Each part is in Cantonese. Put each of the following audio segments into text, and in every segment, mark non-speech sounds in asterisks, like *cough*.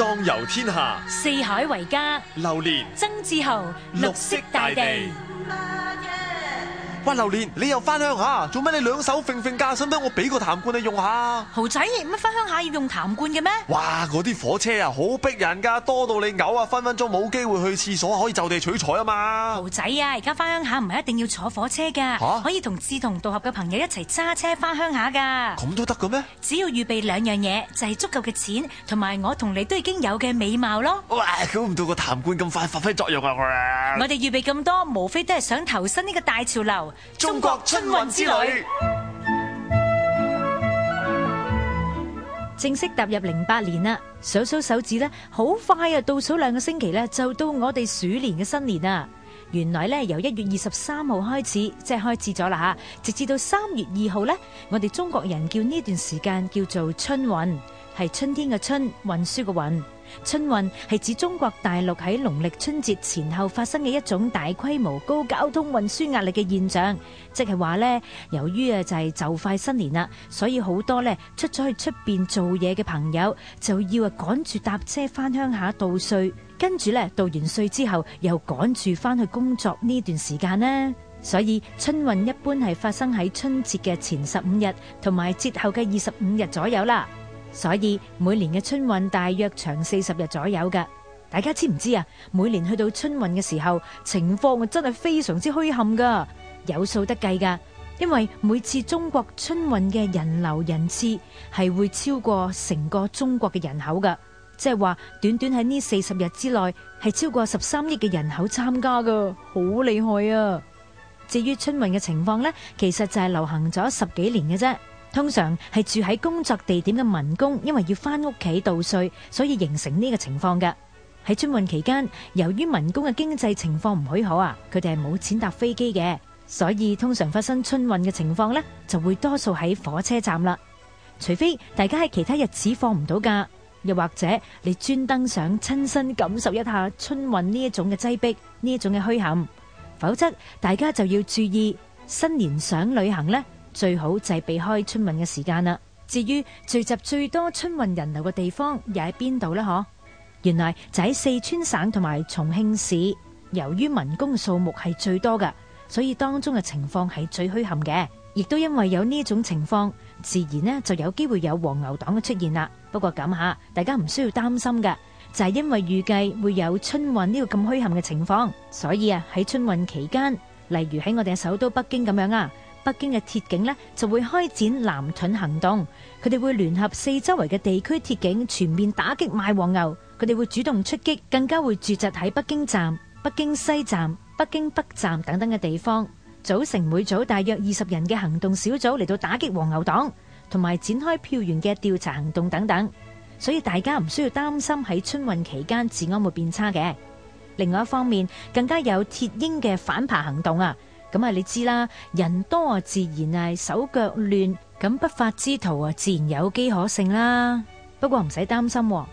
壯遊天下，四海為家，流連曾志豪，綠色大地。喂，榴蓮，你又翻鄉下？做咩你兩手揈揈架？想唔想我俾個痰罐你用下啊？豪仔，乜翻鄉下要用痰罐嘅咩？哇，嗰啲火車啊，好逼人噶，多到你嘔啊，分分鐘冇機會去廁所，可以就地取材啊嘛！豪仔啊，而家翻鄉下唔係一定要坐火車噶。啊，可以同志同道合嘅朋友一齊揸車翻鄉下噶。咁都得嘅咩？只要預備兩樣嘢，就係、是、足夠嘅錢同埋我同你都已經有嘅美貌咯。哇，估唔到個痰罐咁快發揮作用啊！我哋預備咁多，無非都係想投身呢個大潮流。中國春運之旅正式踏入零八年啦，數數手指咧，好快啊！倒數兩個星期咧，就到我哋鼠年嘅新年啦。原來咧，由一月二十三號開始，即係開始咗啦吓，直至到三月二號咧，我哋中國人叫呢段時間叫做春運，係春天嘅春，運輸嘅運。春運係指中國大陸喺農曆春節前後發生嘅一種大規模高交通運輸壓力嘅現象，即係話呢，由於啊就係就快新年啦，所以好多呢出咗去出邊做嘢嘅朋友就要啊趕住搭車翻鄉下度歲，跟住呢，度完歲之後又趕住翻去工作，呢段時間呢，所以春運一般係發生喺春節嘅前十五日同埋節後嘅二十五日左右啦。所以每年嘅春運大約長四十日左右㗎，大家知唔知啊？每年去到春運嘅時候，情況真係非常之墟冚噶，有數得計噶，因為每次中國春運嘅人流人次係會超過成個中國嘅人口噶，即係話短短喺呢四十日之內係超過十三億嘅人口參加噶，好厲害啊！至於春運嘅情況呢，其實就係流行咗十幾年嘅啫。通常係住喺工作地點嘅民工，因為要返屋企度歲，所以形成呢個情況嘅。喺春運期間，由於民工嘅經濟情況唔許可啊，佢哋係冇錢搭飛機嘅，所以通常發生春運嘅情況呢，就會多數喺火車站啦。除非大家喺其他日子放唔到假，又或者你專登想親身感受一下春運呢一種嘅擠迫，呢一種嘅墟憾，否則大家就要注意新年想旅行呢，最好就係避開春運嘅時間啦。至於聚集最多春運人流嘅地方又喺邊度呢？嗬，原來就喺四川省同埋重慶市，由於民工嘅數目係最多嘅，所以當中嘅情況係最墟冚嘅。亦都因為有呢種情況，自然呢就有機會有黃牛黨嘅出現啦。不過咁吓，大家唔需要擔心嘅，就係因為預計會有春運呢個咁墟冚嘅情況，所以啊喺春運期間，例如喺我哋嘅首都北京咁樣啊。北京嘅鐵警呢就會開展藍盾行動，佢哋會聯合四周圍嘅地區鐵警，全面打擊賣黃牛。佢哋會主動出擊，更加會駐紮喺北京站、北京西站、北京北站等等嘅地方，組成每組大約二十人嘅行動小組嚟到打擊黃牛黨，同埋展開票源嘅調查行動等等。所以大家唔需要擔心喺春運期間治安會變差嘅。另外一方面，更加有鐵鷹嘅反扒行動啊！咁啊，你知啦，人多啊，自然係手腳亂，咁不法之徒啊，自然有機可乘啦。不過唔使擔心，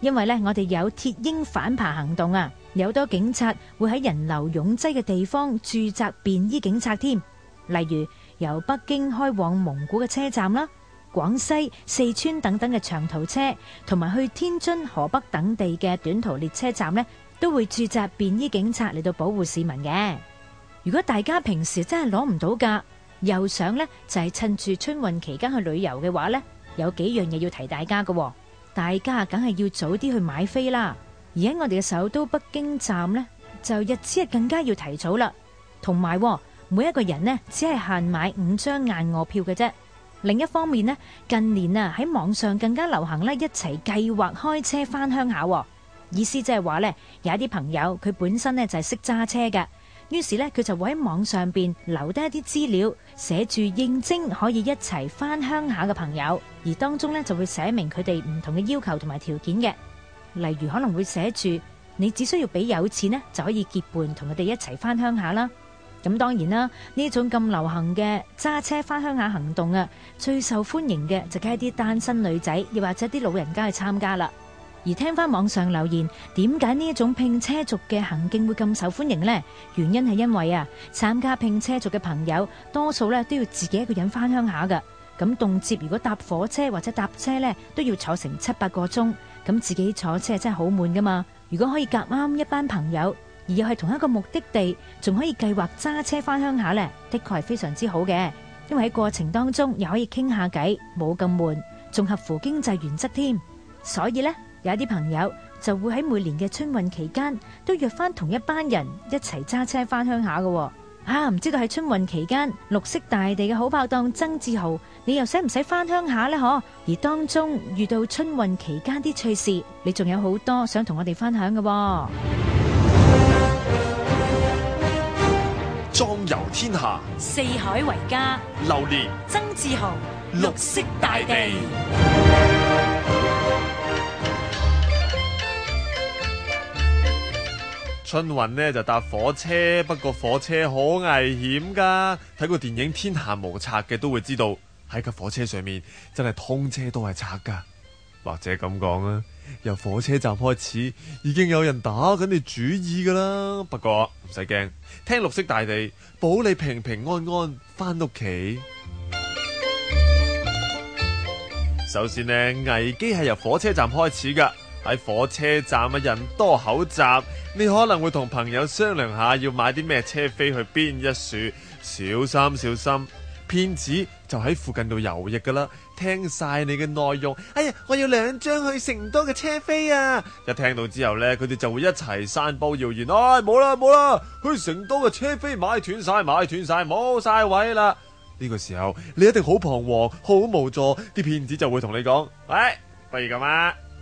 因為咧，我哋有鐵鷹反扒行動啊，有多警察會喺人流擁擠嘅地方駐紮便衣警察添。例如由北京開往蒙古嘅車站啦，廣西、四川等等嘅長途車，同埋去天津、河北等地嘅短途列車站咧，都會駐紮便衣警察嚟到保護市民嘅。如果大家平時真係攞唔到假，又想呢就係、是、趁住春運期間去旅遊嘅話呢，有幾樣嘢要提大家嘅、哦。大家梗係要早啲去買飛啦，而喺我哋嘅首都北京站呢，就日子係更加要提早啦。同埋、哦，每一個人呢只係限買五張硬卧票嘅啫。另一方面呢，近年啊喺網上更加流行呢一齊計劃開車翻鄉下、哦，意思即係話呢，有一啲朋友佢本身呢就係、是、識揸車嘅。於是咧，佢就會喺網上邊留低一啲資料，寫住應徵可以一齊翻鄉下嘅朋友，而當中咧就會寫明佢哋唔同嘅要求同埋條件嘅，例如可能會寫住你只需要俾有錢咧就可以結伴同佢哋一齊翻鄉下啦。咁當然啦，呢種咁流行嘅揸車翻鄉下行動啊，最受歡迎嘅就梗係啲單身女仔，又或者啲老人家去參加啦。而聽翻網上留言，點解呢一種拼車族嘅行徑會咁受歡迎呢？原因係因為啊，參加拼車族嘅朋友多數咧都要自己一個人翻鄉下㗎。咁動輒如果搭火車或者搭車咧，都要坐成七八個鐘，咁自己坐車真係好悶噶嘛。如果可以夾啱一班朋友，而又係同一個目的地，仲可以計劃揸車翻鄉下呢，的確係非常之好嘅。因為喺過程當中又可以傾下偈，冇咁悶，仲合乎經濟原則添。所以呢。有啲朋友就會喺每年嘅春運期間都約翻同一班人一齊揸車翻鄉下嘅，啊，唔知道喺春運期間綠色大地嘅好爆檔曾志豪，你又使唔使翻鄉下呢？嗬、啊，而當中遇到春運期間啲趣事，你仲有好多想同我哋分享嘅。壯遊天下，四海為家，流連曾志豪，綠色大地。春運呢就搭火車，不過火車好危險噶。睇過電影《天下無賊》嘅都會知道，喺架火車上面真係通車都係賊噶。或者咁講吖，由火車站開始已經有人打緊你主意噶啦。不過唔使驚，聽綠色大地保你平平安安翻屋企。首先呢，危機係由火車站開始噶。喺火車站啊，人多口雜，你可能會同朋友商量下要買啲咩車飛去邊一樹，小心小心，騙子就喺附近度游弋噶啦，聽晒你嘅內容。哎呀，我要兩張去成都嘅車飛啊！一聽到之後呢，佢哋就會一齊散布謠言。哎，冇啦冇啦，去成都嘅車飛買斷晒，買斷晒，冇晒位啦！呢個時候你一定好彷徨，好無助，啲騙子就會同你講：喂，不如咁啊！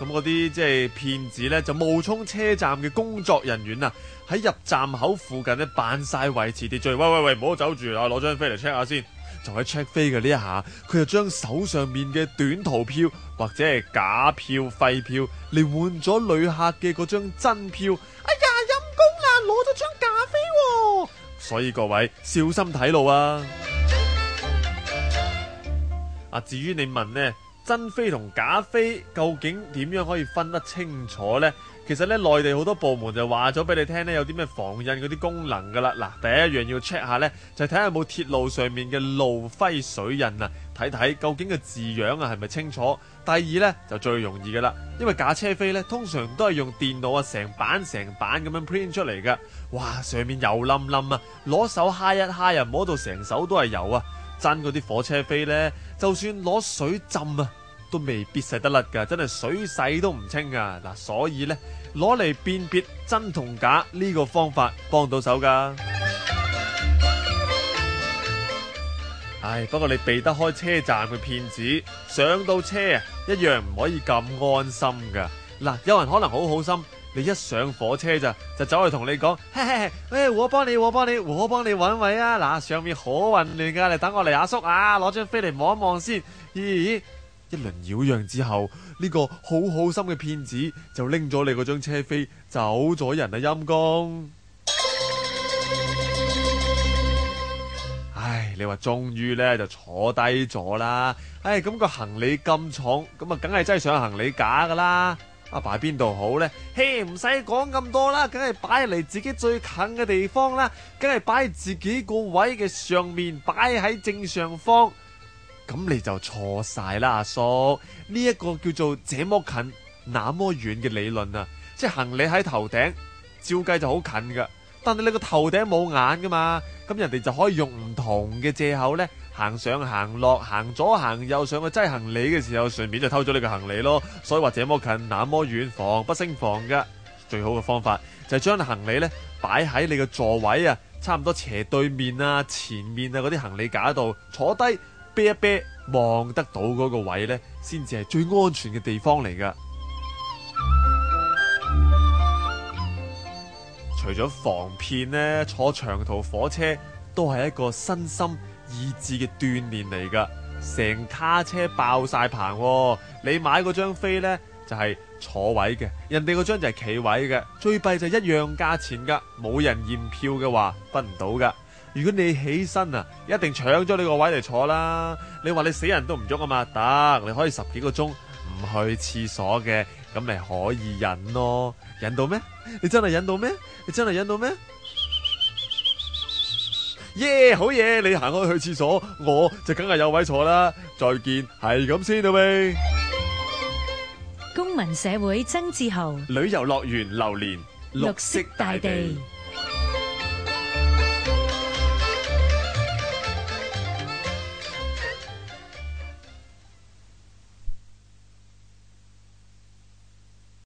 咁嗰啲即係騙子咧，就冒充車站嘅工作人員啊，喺入站口附近咧扮晒維持秩序。喂喂喂，唔好走住啊，攞張飛嚟 check 下先。就喺 check 飛嘅呢一下，佢就將手上面嘅短途票或者係假票、廢票，嚟換咗旅客嘅嗰張真票。哎呀，陰功啦，攞咗張假飛。所以各位小心睇路啊！啊，至於你問呢？真飛同假飛究竟點樣可以分得清楚呢？其實咧，內地好多部門就話咗俾你聽咧，有啲咩防印嗰啲功能噶啦。嗱，第一樣要 check 下咧，就係睇下有冇鐵路上面嘅路徽水印啊，睇睇究竟個字樣啊係咪清楚。第二咧就最容易噶啦，因為假車飛咧通常都係用電腦啊成版成版咁樣 print 出嚟噶，哇，上面油冧冧啊，攞手揩一揩啊，摸到成手都係油啊！真嗰啲火車飛呢，就算攞水浸啊，都未必洗得甩噶，真係水洗都唔清噶。嗱，所以呢，攞嚟辨別真同假呢個方法幫到手噶。唉，不過你避得開車站嘅騙子，上到車啊，一樣唔可以咁安心噶。嗱，有人可能好好心。你一上火車咋就走去同你講，嘿，嘿，嘿，我幫你我幫你我幫你揾位啊！嗱，上面好混亂噶，你等我嚟，阿叔，叔啊，攞張飛嚟望一望先。咦，一輪擾攘之後，呢個好好心嘅騙子就拎咗你嗰張車飛走咗人啊陰公！唉，你話終於呢就坐低咗啦！唉，咁個行李咁重，咁啊梗係真係上行李架噶啦。.啊，擺邊度好呢？嘿，唔使講咁多啦，梗係擺喺自己最近嘅地方啦，梗係擺喺自己個位嘅上面，擺喺正上方。咁你就錯晒啦，阿叔。呢一個叫做這麼近那麼遠嘅理論啊，即係行李喺頭頂，照計就好近噶。但係你個頭頂冇眼噶嘛，咁人哋就可以用唔同嘅借口呢。行上行落，行左行右，上去擠行李嘅時候，順便就偷咗你嘅行李咯。所以話這麼近那麼遠，防不勝防噶。最好嘅方法就係將行李呢擺喺你嘅座位啊，差唔多斜對面啊、前面啊嗰啲行李架度坐低，啤一啤，望得到嗰個位呢，先至係最安全嘅地方嚟噶。 *music* 除咗防騙呢，坐長途火車都係一個身心。意志嘅鍛鍊嚟噶，成卡車爆晒棚，喔。你買嗰張飛呢，就係、是、坐位嘅，人哋嗰張就係企位嘅。最弊就係一樣價錢噶，冇人驗票嘅話，分唔到噶。如果你起身啊，一定搶咗你個位嚟坐啦。你話你死人都唔喐啊嘛，打你可以十幾個鐘唔去廁所嘅，咁你可以忍咯。忍到咩？你真係忍到咩？你真係忍到咩？耶，好嘢！你行開去廁所，我就梗係有位坐啦。再見，係咁先到喂。公民社會曾志豪，旅遊樂園榴蓮，綠色大地。